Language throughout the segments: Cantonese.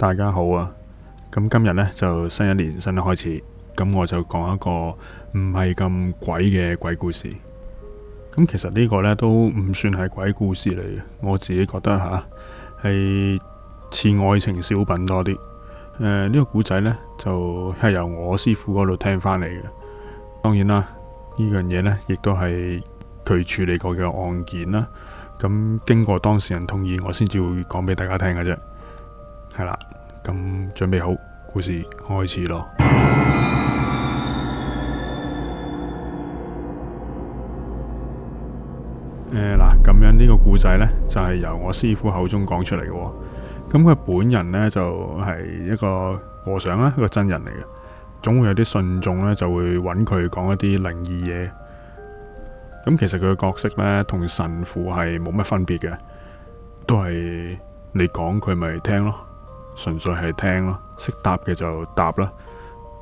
大家好啊！咁今日呢，就新一年新一開始，咁我就講一個唔係咁鬼嘅鬼故事。咁其實呢個呢，都唔算係鬼故事嚟嘅，我自己覺得吓係似愛情小品多啲。呢、呃呢個故仔呢，就係由我師傅嗰度聽翻嚟嘅。當然啦，呢樣嘢呢，亦都係佢處理過嘅案件啦。咁經過當事人同意，我先至會講俾大家聽嘅啫。係啦，咁準備好，故事開始咯。誒，嗱，咁樣呢個故仔呢，就係由我師傅口中講出嚟嘅。咁佢本人呢就係一個和尚啦，一個真人嚟嘅。總會有啲信眾呢就會揾佢講一啲靈異嘢。咁其實佢嘅角色呢同神父係冇乜分別嘅，都係你講佢咪聽咯。純粹係聽咯，識答嘅就答啦，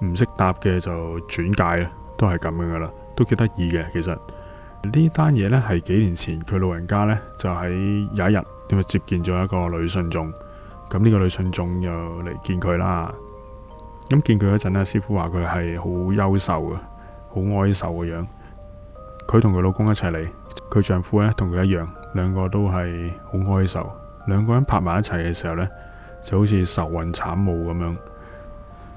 唔識答嘅就轉介啦，都係咁樣噶啦，都幾得意嘅其實。呢單嘢呢，係幾年前佢老人家呢，就喺有一日點啊，接見咗一個女信眾，咁呢個女信眾又嚟見佢啦。咁見佢嗰陣呢，師傅話佢係好優秀嘅，好哀愁嘅樣。佢同佢老公一齊嚟，佢丈夫呢，同佢一樣，兩個都係好哀愁，兩個人拍埋一齊嘅時候呢。就好似愁雲慘霧咁樣。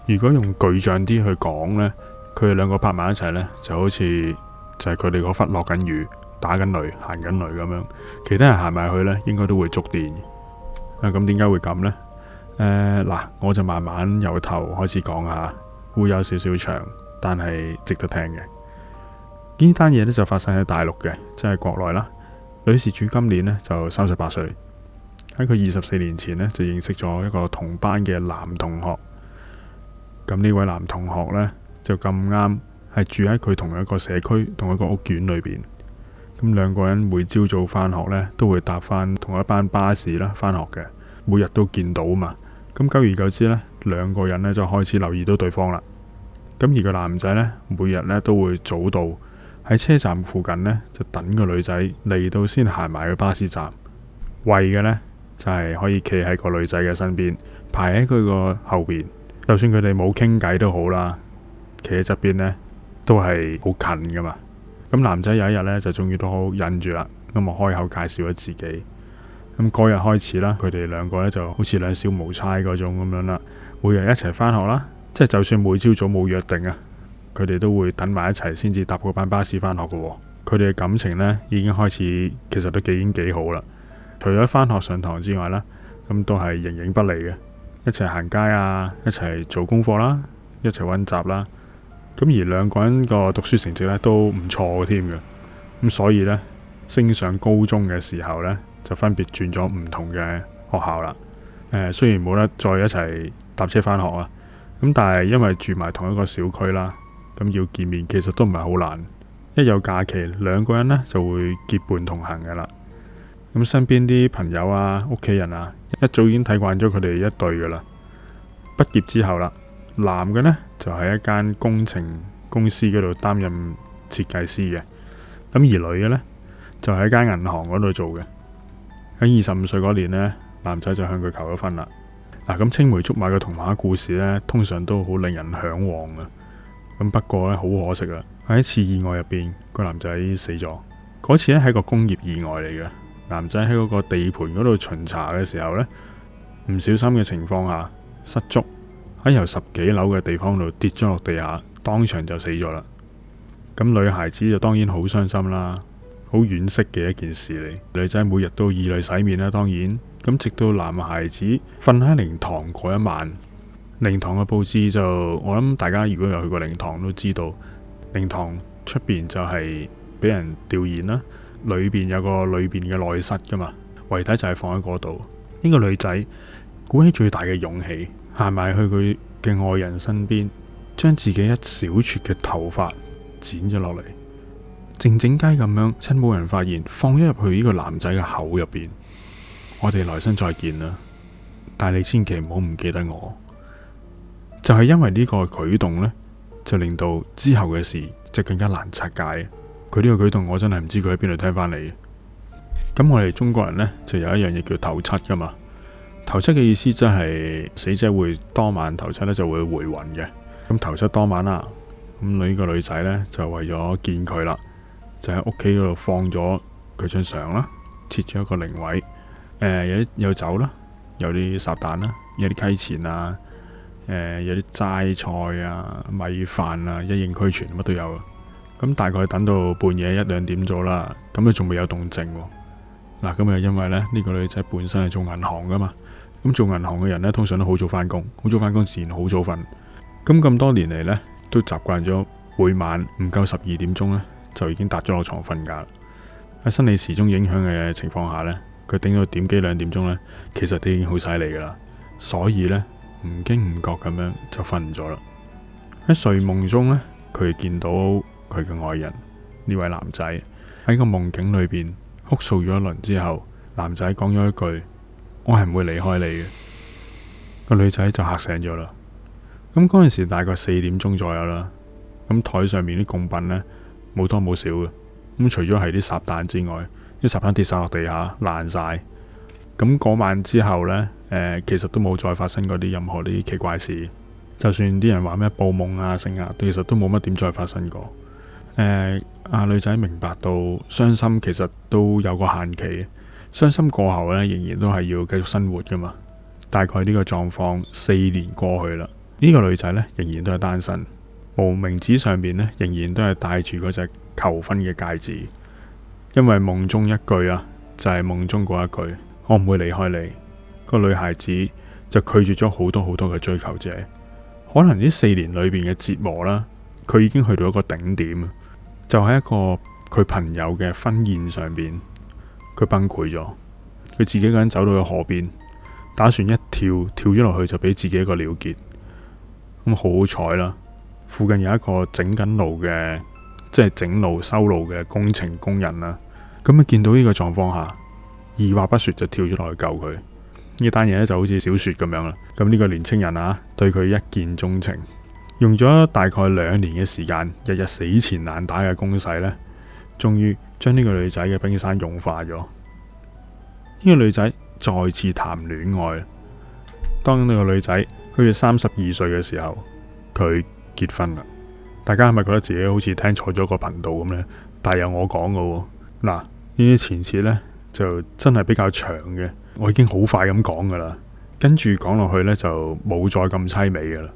如果用具象啲去講呢，佢哋兩個拍埋一齊呢，就好似就係佢哋嗰忽落緊雨，打緊雷，行緊雷咁樣。其他人行埋去呢，應該都會觸電。啊，咁點解會咁呢？嗱、呃，我就慢慢由頭開始講下，會有少少長，但係值得聽嘅。呢單嘢呢，就發生喺大陸嘅，即係國內啦。女事主今年呢，就三十八歲。喺佢二十四年前呢，就認識咗一個同班嘅男同學。咁呢位男同學呢，就咁啱係住喺佢同一個社區同一個屋苑裏邊。咁兩個人每朝早返學呢，都會搭返同一班巴士啦返學嘅，每日都見到嘛。咁久而久之呢，兩個人呢，就開始留意到對方啦。咁而個男仔呢，每日呢，都會早到喺車站附近呢，就等個女仔嚟到先行埋去巴士站，為嘅呢。就係可以企喺個女仔嘅身邊，排喺佢個後邊，就算佢哋冇傾偈都好啦，企喺側邊呢，都係好近噶嘛。咁男仔有一日呢，就終於都好忍住啦，咁啊開口介紹咗自己。咁嗰日開始啦，佢哋兩個呢就好似兩小無猜嗰種咁樣啦，每日一齊返學啦，即係就算每朝早冇約定啊，佢哋都會等埋一齊先至搭個班巴士返學噶。佢哋嘅感情呢，已經開始其實都已經幾好啦。除咗返學上堂之外啦，咁都係形影不離嘅，一齊行街啊，一齊做功課啦、啊，一齊溫習啦。咁而兩個人個讀書成績咧都唔錯添嘅。咁所以呢，升上高中嘅時候呢，就分別轉咗唔同嘅學校啦。誒、呃，雖然冇得再一齊搭車返學啊，咁但係因為住埋同一個小區啦，咁要見面其實都唔係好難。一有假期，兩個人呢就會結伴同行嘅啦。咁身邊啲朋友啊，屋企人啊，一早已經睇慣咗佢哋一對噶啦。畢業之後啦，男嘅呢就喺、是、一間工程公司嗰度擔任設計師嘅。咁而女嘅呢，就喺間銀行嗰度做嘅。喺二十五歲嗰年呢，男仔就向佢求咗婚啦。嗱、啊，咁青梅竹馬嘅童話故事呢，通常都好令人嚮往啊。咁不過呢，好可惜啊。喺一次意外入邊，個男仔死咗。嗰次呢，係個工業意外嚟嘅。男仔喺嗰個地盤嗰度巡查嘅時候呢，唔小心嘅情況下失足，喺由十幾樓嘅地方度跌咗落地下，當場就死咗啦。咁女孩子就當然好傷心啦，好惋惜嘅一件事嚟。女仔每日都以淚洗面啦，當然。咁直到男孩子瞓喺靈堂過一晚，靈堂嘅布置就我諗大家如果有去過靈堂都知道，靈堂出邊就係俾人弔唁啦。裏邊有個裏邊嘅內室噶嘛，遺體就係放喺嗰度。呢、這個女仔鼓起最大嘅勇氣行埋去佢嘅愛人身邊，將自己一小撮嘅頭髮剪咗落嚟，靜靜雞咁樣，趁冇人發現放咗入去呢個男仔嘅口入邊。我哋來生再見啦，但係你千祈唔好唔記得我。就係、是、因為呢個舉動呢，就令到之後嘅事就更加難拆解。佢呢個舉動，我真係唔知佢喺邊度聽返嚟。咁我哋中國人呢，就有一樣嘢叫頭七噶嘛。頭七嘅意思即係死者會當晚頭七呢就會回魂嘅。咁頭七當晚啦，咁呢個女仔呢，就為咗見佢啦，就喺屋企嗰度放咗佢張相啦，設咗一個靈位。誒、呃，有有酒啦，有啲烚蛋啦，有啲溪錢啊，呃、有啲齋菜啊，米飯啊，一應俱全，乜都有。咁大概等到半夜一兩點咗啦，咁啊仲未有動靜。嗱、啊，咁又因為呢，呢、呢個女仔本身係做銀行噶嘛，咁做銀行嘅人呢，通常都好早返工，好早返工自然好早瞓。咁、啊、咁多年嚟呢，都習慣咗每晚唔夠十二點鐘呢，就已經搭咗落床瞓覺。喺生理時鐘影響嘅情況下呢，佢頂到點幾兩點鐘呢，其實都已經好犀利噶啦。所以呢，唔經唔覺咁樣就瞓咗啦。喺睡夢中呢，佢見到。佢嘅愛人呢位男仔喺個夢境裏邊哭訴咗一輪之後，男仔講咗一句：我係唔會離開你嘅。個女仔就嚇醒咗啦。咁嗰陣時大概四點鐘左右啦。咁台上面啲供品呢，冇多冇少嘅。咁除咗係啲撒彈之外，啲撒彈跌晒落地下爛晒。咁嗰、那個、晚之後呢，誒、呃，其實都冇再發生過啲任何啲奇怪事。就算啲人話咩報夢啊、成啊，其實都冇乜點再發生過。誒，阿、呃、女仔明白到傷心其實都有個限期，傷心過後呢，仍然都係要繼續生活噶嘛。大概呢個狀況四年過去啦，呢、這個女仔呢，仍然都係單身，無名指上邊呢，仍然都係戴住嗰隻求婚嘅戒指，因為夢中一句啊就係、是、夢中嗰一句，我唔會離開你。個女孩子就拒絕咗好多好多嘅追求者，可能呢四年裏邊嘅折磨啦，佢已經去到一個頂點。就喺一個佢朋友嘅婚宴上邊，佢崩潰咗，佢自己一個人走到去河邊，打算一跳跳咗落去就俾自己一個了結。咁好好彩啦，附近有一個整緊路嘅，即係整路修路嘅工程工人啦。咁啊見到呢個狀況下，二話不說就跳咗落去救佢。呢單嘢咧就好似小說咁樣啦。咁呢個年青人啊，對佢一見鍾情。用咗大概兩年嘅時間，日日死纏爛打嘅攻勢呢，終於將呢個女仔嘅冰山融化咗。呢個女仔再次談戀愛。當呢個女仔去到三十二歲嘅時候，佢結婚啦。大家係咪覺得自己好似聽錯咗個頻道咁呢？但係有我講噶喎。嗱，呢啲前設呢就真係比較長嘅，我已經好快咁講噶啦。跟住講落去呢，就冇再咁淒美噶啦。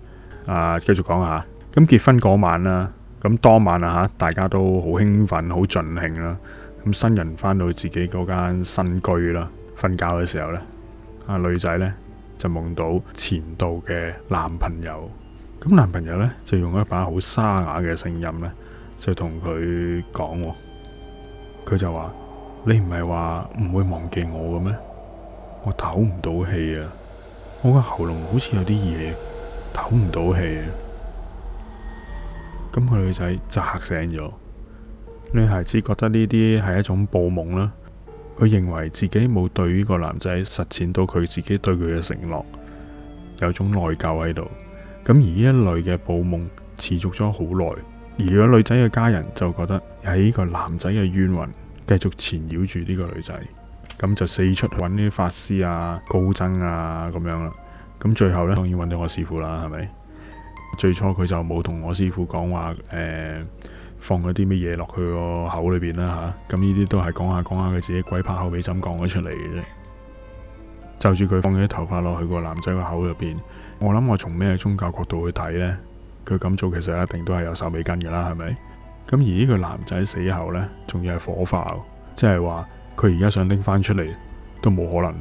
啊，繼續講下。咁結婚嗰晚啦，啊，咁當晚啊吓，大家都好興奮，好盡興啦。咁新人翻到自己嗰間新居啦，瞓覺嘅時候呢，啊女仔呢就夢到前度嘅男朋友。咁男朋友呢，就用一把好沙啞嘅聲音呢，就同佢講，佢就話：你唔係話唔會忘記我嘅咩？我唞唔到氣啊！我個喉嚨好似有啲嘢。唞唔到氣啊！咁、那個女仔就嚇醒咗，女孩子覺得呢啲係一種報夢啦。佢認為自己冇對呢個男仔實踐到佢自己對佢嘅承諾，有種內疚喺度。咁而呢一類嘅報夢持續咗好耐，而個女仔嘅家人就覺得喺呢個男仔嘅冤魂繼續纏繞住呢個女仔，咁就四出揾啲法師啊、高僧啊咁樣啦。咁最後呢，終於揾到我師傅啦，係咪？最初佢就冇同我師傅講話，誒、呃，放咗啲咩嘢落去個口裏邊啦吓。咁呢啲都係講下講下佢自己鬼拍後尾枕講咗出嚟嘅啫。就住佢放咗啲頭髮落去個男仔個口入邊，我諗我從咩宗教角度去睇呢？佢咁做其實一定都係有手尾根噶啦，係咪？咁而呢個男仔死後呢，仲要係火化，即係話佢而家想拎返出嚟都冇可能。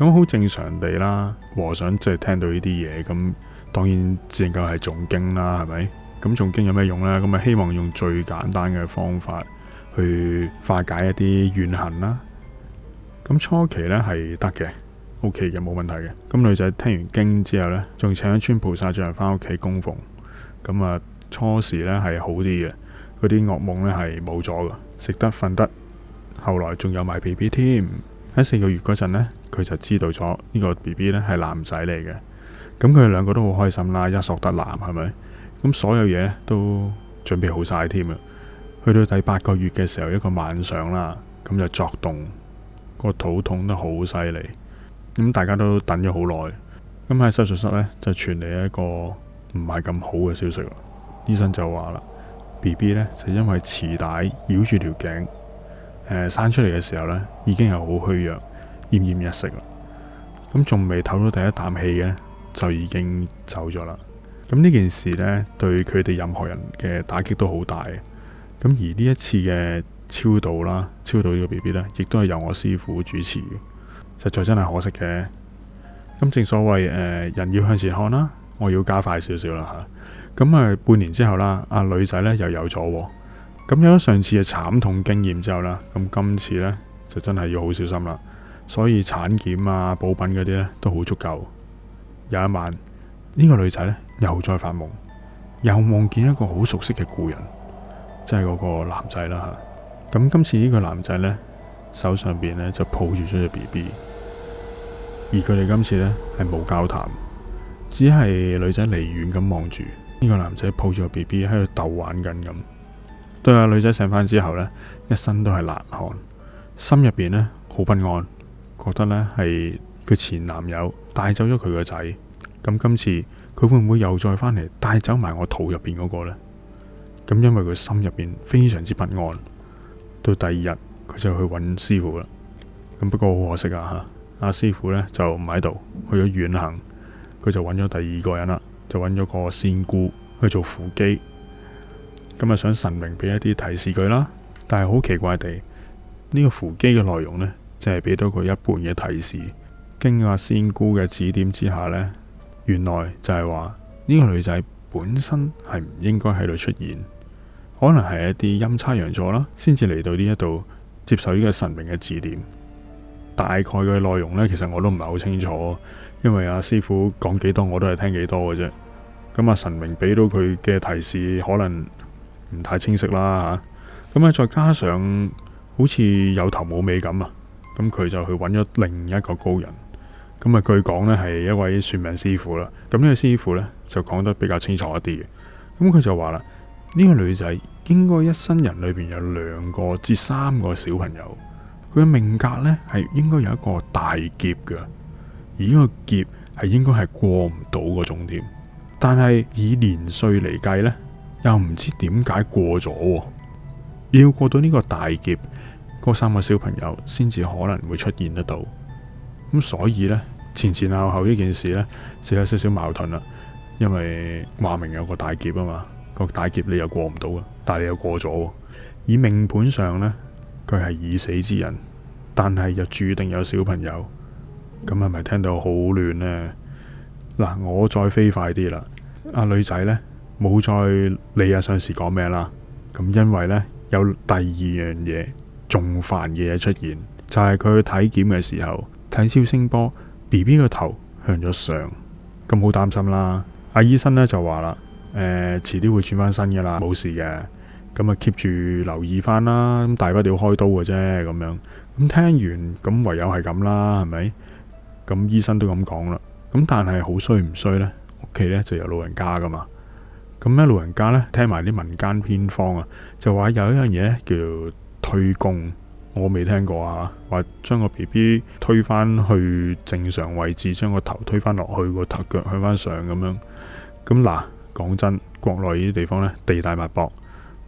咁好正常地啦，和尚即係聽到呢啲嘢，咁當然自然教係誦經啦，係咪？咁誦經有咩用呢？咁啊，希望用最簡單嘅方法去化解一啲怨恨啦。咁初期呢係得嘅，OK 嘅，冇問題嘅。咁女仔聽完經之後呢，仲請一尊菩薩像翻屋企供奉，咁啊初時呢係好啲嘅，嗰啲噩夢呢係冇咗噶，食得瞓得，後來仲有埋 BB 添喺四個月嗰陣呢。佢就知道咗、這個、呢個 B B 呢係男仔嚟嘅，咁佢哋兩個都好開心啦，一索得男係咪？咁所有嘢都準備好晒添啊！去到第八個月嘅時候，一個晚上啦，咁就作動，個肚痛得好犀利，咁大家都等咗好耐，咁喺手術室呢，就傳嚟一個唔係咁好嘅消息啦。醫生就話啦，B B 呢就因為臍帶繞住條頸、呃，生出嚟嘅時候呢已經係好虛弱。奄奄一息啦，咁仲未唞到第一啖氣嘅，就已經走咗啦。咁呢件事呢，對佢哋任何人嘅打擊都好大。咁而呢一次嘅超度啦，超度呢個 BB 呢，亦都係由我師傅主持嘅，實在真係可惜嘅。咁正所謂誒、呃，人要向前看啦，我要加快少少啦吓。咁啊，半年之後啦，阿、啊、女仔呢又有咗、啊。咁有咗上次嘅慘痛經驗之後啦，咁今次呢，就真係要好小心啦。所以產檢啊、補品嗰啲呢都好足夠。有一晚，呢、這個女仔呢又再發夢，又夢見一個好熟悉嘅故人，即係嗰個男仔啦吓。咁今次呢個男仔呢，手上邊呢就抱住咗隻 B B，而佢哋今次呢係冇交談，只係女仔離遠咁望住呢個男仔抱住個 B B 喺度逗玩緊咁。對啊，女仔醒返之後呢，一身都係辣汗，心入邊呢好不安。覺得呢係佢前男友帶走咗佢個仔，咁今次佢會唔會又再返嚟帶走埋我肚入邊嗰個呢？咁因為佢心入邊非常之不安，到第二日佢就去揾師傅啦。咁不過好可惜啊吓，阿師傅呢就唔喺度，去咗遠行。佢就揾咗第二個人啦，就揾咗個仙姑去做扶乩。咁啊想神明俾一啲提示佢啦，但係好奇怪地呢個扶乩嘅內容呢。即係俾到佢一半嘅提示，經阿仙姑嘅指點之下呢，原來就係話呢個女仔本身係唔應該喺度出現，可能係一啲陰差陽錯啦，先至嚟到呢一度接受呢個神明嘅指點。大概嘅內容呢，其實我都唔係好清楚，因為阿師傅講幾多我都係聽幾多嘅啫。咁阿神明俾到佢嘅提示可能唔太清晰啦吓，咁啊再加上好似有頭冇尾咁啊。咁佢就去揾咗另一個高人，咁啊據講呢係一位算命師傅啦。咁、這、呢個師傅呢就講得比較清楚一啲嘅。咁佢就話啦，呢、這個女仔應該一生人裏邊有兩個至三個小朋友，佢嘅命格呢係應該有一個大劫嘅，而呢個劫係應該係過唔到個重點。但係以年歲嚟計呢，又唔知點解過咗，要過到呢個大劫。嗰三個小朋友先至可能會出現得到咁，所以呢，前前後後呢件事呢，就有少少矛盾啦。因為話明有個大劫啊嘛，個大劫你又過唔到啊，但你又過咗。以命盤上呢，佢係已死之人，但係又注定有小朋友咁，係咪聽到好亂呢？嗱，我再飛快啲啦，阿、啊、女仔呢，冇再理阿相士講咩啦。咁因為呢，有第二樣嘢。仲煩嘅嘢出現，就係佢去體檢嘅時候睇超聲波，B B 個頭向咗上，咁好擔心啦。阿、啊、醫生呢就話啦，誒、欸，遲啲會轉翻身噶啦，冇事嘅，咁啊 keep 住留意翻啦。咁大不了開刀嘅啫，咁樣。咁聽完，咁唯有係咁啦，係咪？咁醫生都咁講啦。咁但係好衰唔衰呢？屋企呢就有老人家噶嘛。咁呢老人家呢，聽埋啲民間偏方啊，就話有一樣嘢叫做。推功，我未聽過啊。話將個 B B 推返去正常位置，將個頭推返落去，個頭腳向返上咁樣。咁、啊、嗱，講真，國內呢啲地方呢，地大物博，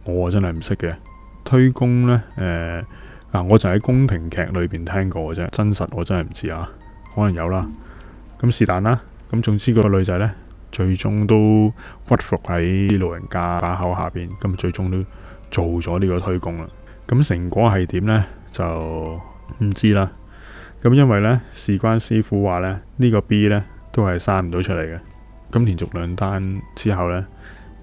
我真係唔識嘅推功呢，誒、呃，嗱、啊，我就喺宮廷劇裏邊聽過嘅啫，真實我真係唔知啊。可能有啦，咁是但啦。咁總之，個女仔呢，最終都屈服喺老人家把口下邊，咁最終都做咗呢個推功啦。咁成果係點呢？就唔知啦。咁因為呢，事關師傅話呢，呢、呢個 B 呢都係生唔到出嚟嘅。咁連續兩單之後呢，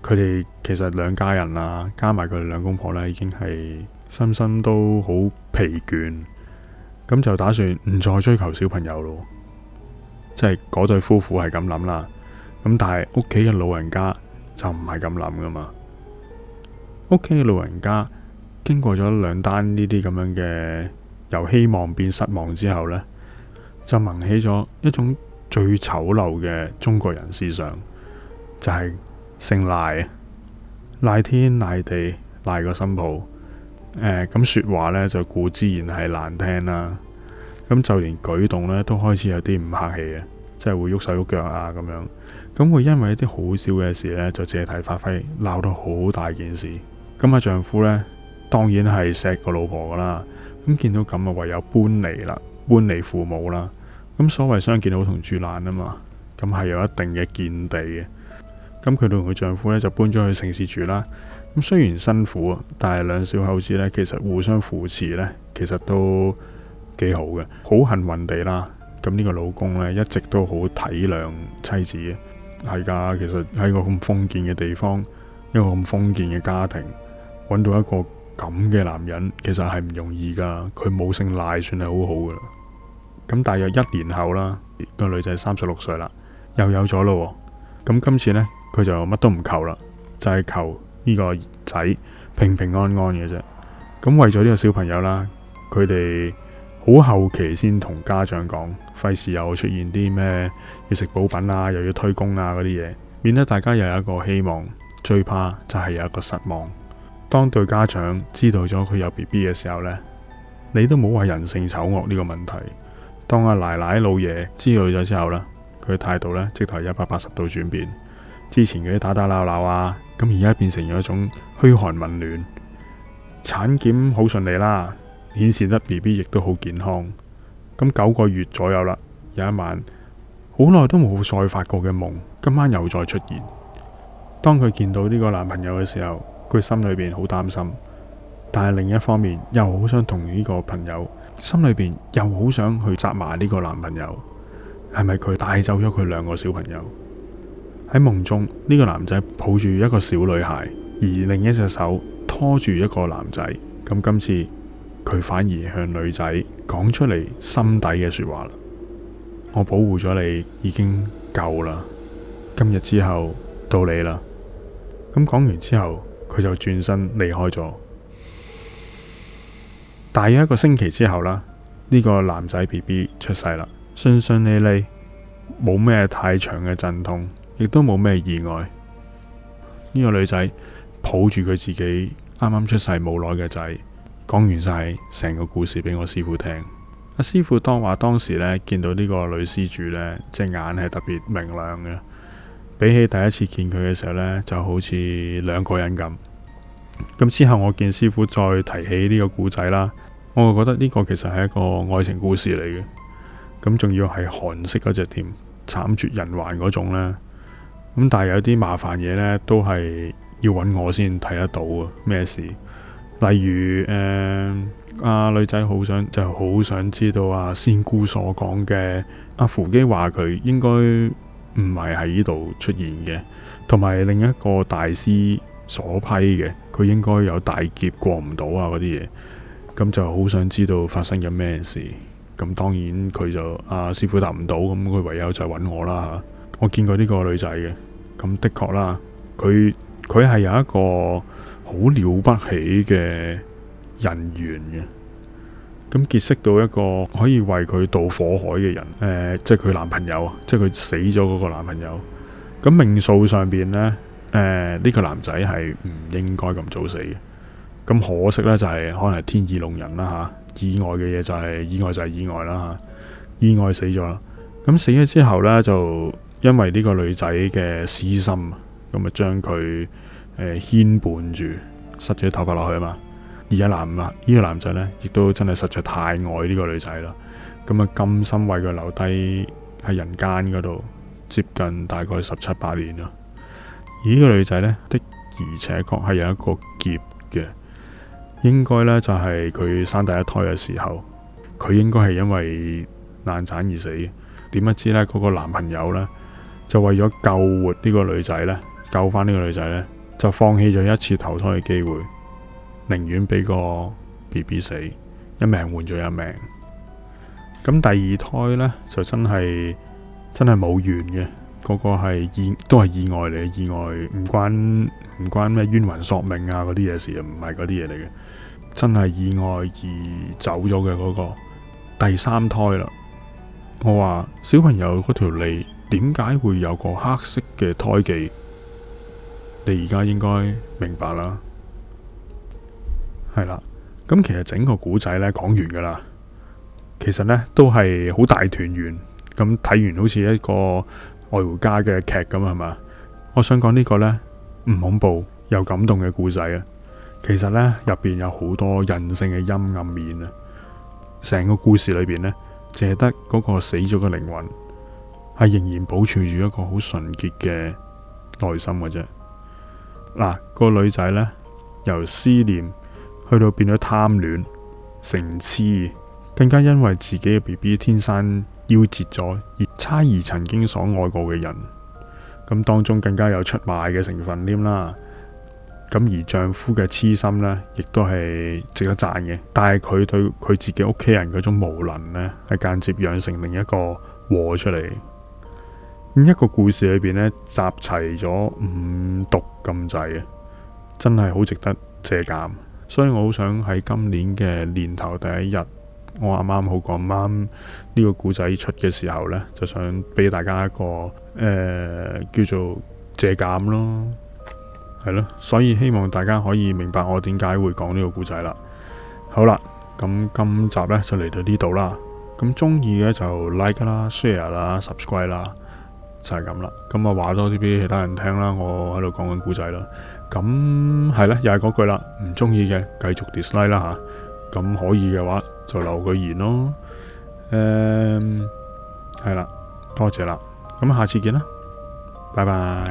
佢哋其實兩家人啊，加埋佢哋兩公婆呢，已經係身心都好疲倦。咁就打算唔再追求小朋友咯。即係嗰對夫婦係咁諗啦。咁但係屋企嘅老人家就唔係咁諗噶嘛。屋企嘅老人家。經過咗兩單呢啲咁樣嘅由希望變失望之後呢，就萌起咗一種最醜陋嘅中國人思想，就係、是、姓賴啊，賴天賴地賴個新抱，誒、呃、咁說話呢就固之然係難聽啦，咁就連舉動呢都開始有啲唔客氣嘅，即係會喐手喐腳啊咁樣，咁會因爲一啲好小嘅事呢，就借題發揮鬧到好大件事，咁啊丈夫呢。當然係錫個老婆噶啦，咁見到咁啊，唯有搬離啦，搬離父母啦。咁所謂相見好同住難啊嘛，咁係有一定嘅見地嘅。咁佢同佢丈夫咧就搬咗去城市住啦。咁雖然辛苦，但係兩小口子咧其實互相扶持咧，其實都幾好嘅。好幸運地啦，咁呢個老公咧一直都好體諒妻子嘅。係噶，其實喺個咁封建嘅地方，一個咁封建嘅家庭，搵到一個。咁嘅男人其實係唔容易噶，佢冇性賴算係好好噶。咁大約一年後啦，個女仔三十六歲啦，又有咗咯。咁今次呢，佢就乜都唔求啦，就係求呢個仔平平安安嘅啫。咁為咗呢個小朋友啦，佢哋好後期先同家長講，費事又出現啲咩要食補品啊，又要推工啊嗰啲嘢，免得大家又有一個希望，最怕就係有一個失望。當對家長知道咗佢有 B B 嘅時候呢，你都冇話人性醜惡呢個問題。當阿奶奶老爺知道咗之後呢，佢態度呢，即係一百八十度轉變，之前嘅啲打打鬧鬧啊，咁而家變成咗一種噓寒問暖。產檢好順利啦，顯示得 B B 亦都好健康。咁九個月左右啦，有一晚好耐都冇再發過嘅夢，今晚又再出現。當佢見到呢個男朋友嘅時候，佢心裏邊好擔心，但係另一方面又好想同呢個朋友心裏邊又好想去責罵呢個男朋友，係咪佢帶走咗佢兩個小朋友？喺夢中呢個男仔抱住一個小女孩，而另一隻手拖住一個男仔。咁今次佢反而向女仔講出嚟心底嘅說話啦。我保護咗你已經夠啦，今日之後到你啦。咁講完之後。佢就轉身離開咗。大約一個星期之後啦，呢個男仔 BB 出世啦，順順利利，冇咩太長嘅陣痛，亦都冇咩意外。呢個女仔抱住佢自己啱啱出世冇耐嘅仔，講完晒成個故事俾我師傅聽。阿師傅當話當時呢，見到呢個女施主呢，隻眼係特別明亮嘅。比起第一次見佢嘅時候呢，就好似兩個人咁。咁之後我見師傅再提起呢個故仔啦，我就覺得呢個其實係一個愛情故事嚟嘅。咁仲要係韓式嗰隻添，慘絕人寰嗰種咧。咁但係有啲麻煩嘢呢，都係要揾我先睇得到啊。咩事？例如誒，阿、呃啊、女仔好想就好想知道阿、啊、仙姑所講嘅阿胡姬話佢應該。唔係喺呢度出現嘅，同埋另一個大師所批嘅，佢應該有大劫過唔到啊，嗰啲嘢，咁就好想知道發生緊咩事。咁當然佢就阿、啊、師傅答唔到，咁佢唯有就揾我啦吓。我見過呢個女仔嘅，咁的確啦，佢佢係有一個好了不起嘅人緣嘅。咁結識到一個可以為佢渡火海嘅人，誒、呃，即係佢男朋友，即係佢死咗嗰個男朋友。咁命數上邊呢，誒、呃，呢、這個男仔係唔應該咁早死嘅。咁可惜呢，就係、是、可能係天意弄人啦吓、啊。意外嘅嘢就係、是、意外就係意外啦吓、啊。意外死咗啦。咁死咗之後呢，就因為呢個女仔嘅私心，咁啊將佢誒牽絆住，塞咗頭髮落去啊嘛。而家男啊，呢、呢個男仔呢，亦都真係實在太愛呢個女仔啦。咁啊，甘心為佢留低喺人間嗰度，接近大概十七八年啦。而呢個女仔呢，的而且確係有一個劫嘅，應該呢，就係、是、佢生第一胎嘅時候，佢應該係因為難產而死。點不知呢？嗰、嗰個男朋友呢，就為咗救活呢個女仔呢，救返呢個女仔呢，就放棄咗一次投胎嘅機會。寧願俾個 BB 死，一命換咗一命。咁第二胎呢，就真係真係冇緣嘅，嗰個係意都係意外嚟嘅，意外唔關唔關咩冤魂索命啊嗰啲嘢事啊，唔係嗰啲嘢嚟嘅，真係意外而走咗嘅嗰個第三胎啦。我話小朋友嗰條脷點解會有個黑色嘅胎記？你而家應該明白啦。係啦，咁其實整個故仔呢講完噶啦，其實呢都係好大團圓。咁睇完好似一個愛回家嘅劇咁啊，係嘛？我想講呢個呢唔恐怖又感動嘅故仔啊。其實呢入邊有好多人性嘅陰暗面啊。成個故事裏邊呢，淨係得嗰個死咗嘅靈魂係仍然保存住一個好純潔嘅內心嘅啫。嗱、啊，嗰個女仔呢由思念。去到變咗貪戀、成痴，更加因為自己嘅 B B 天生夭折咗，而猜疑曾經所愛過嘅人，咁當中更加有出賣嘅成分添啦。咁而丈夫嘅痴心呢，亦都係值得讚嘅。但係佢對佢自己屋企人嗰種無能呢，係間接養成另一個禍出嚟。一個故事裏邊呢，集齊咗五毒咁滯啊，真係好值得借鑑。所以我好想喺今年嘅年頭第一日，我啱啱好講啱呢個古仔出嘅時候呢，就想俾大家一個誒、呃、叫做借鑑咯，係咯。所以希望大家可以明白我點解會講呢個古仔啦。好啦，咁今集呢就嚟到呢度啦。咁中意嘅就 like 啦、share 啦、subscribe 啦，就係咁啦。咁啊話多啲俾其他人聽啦。我喺度講緊古仔啦。咁係啦，又係嗰句啦，唔中意嘅繼續 dislike 啦嚇，咁、啊、可以嘅話就留句言咯，誒、嗯，係啦，多謝啦，咁下次見啦，拜拜。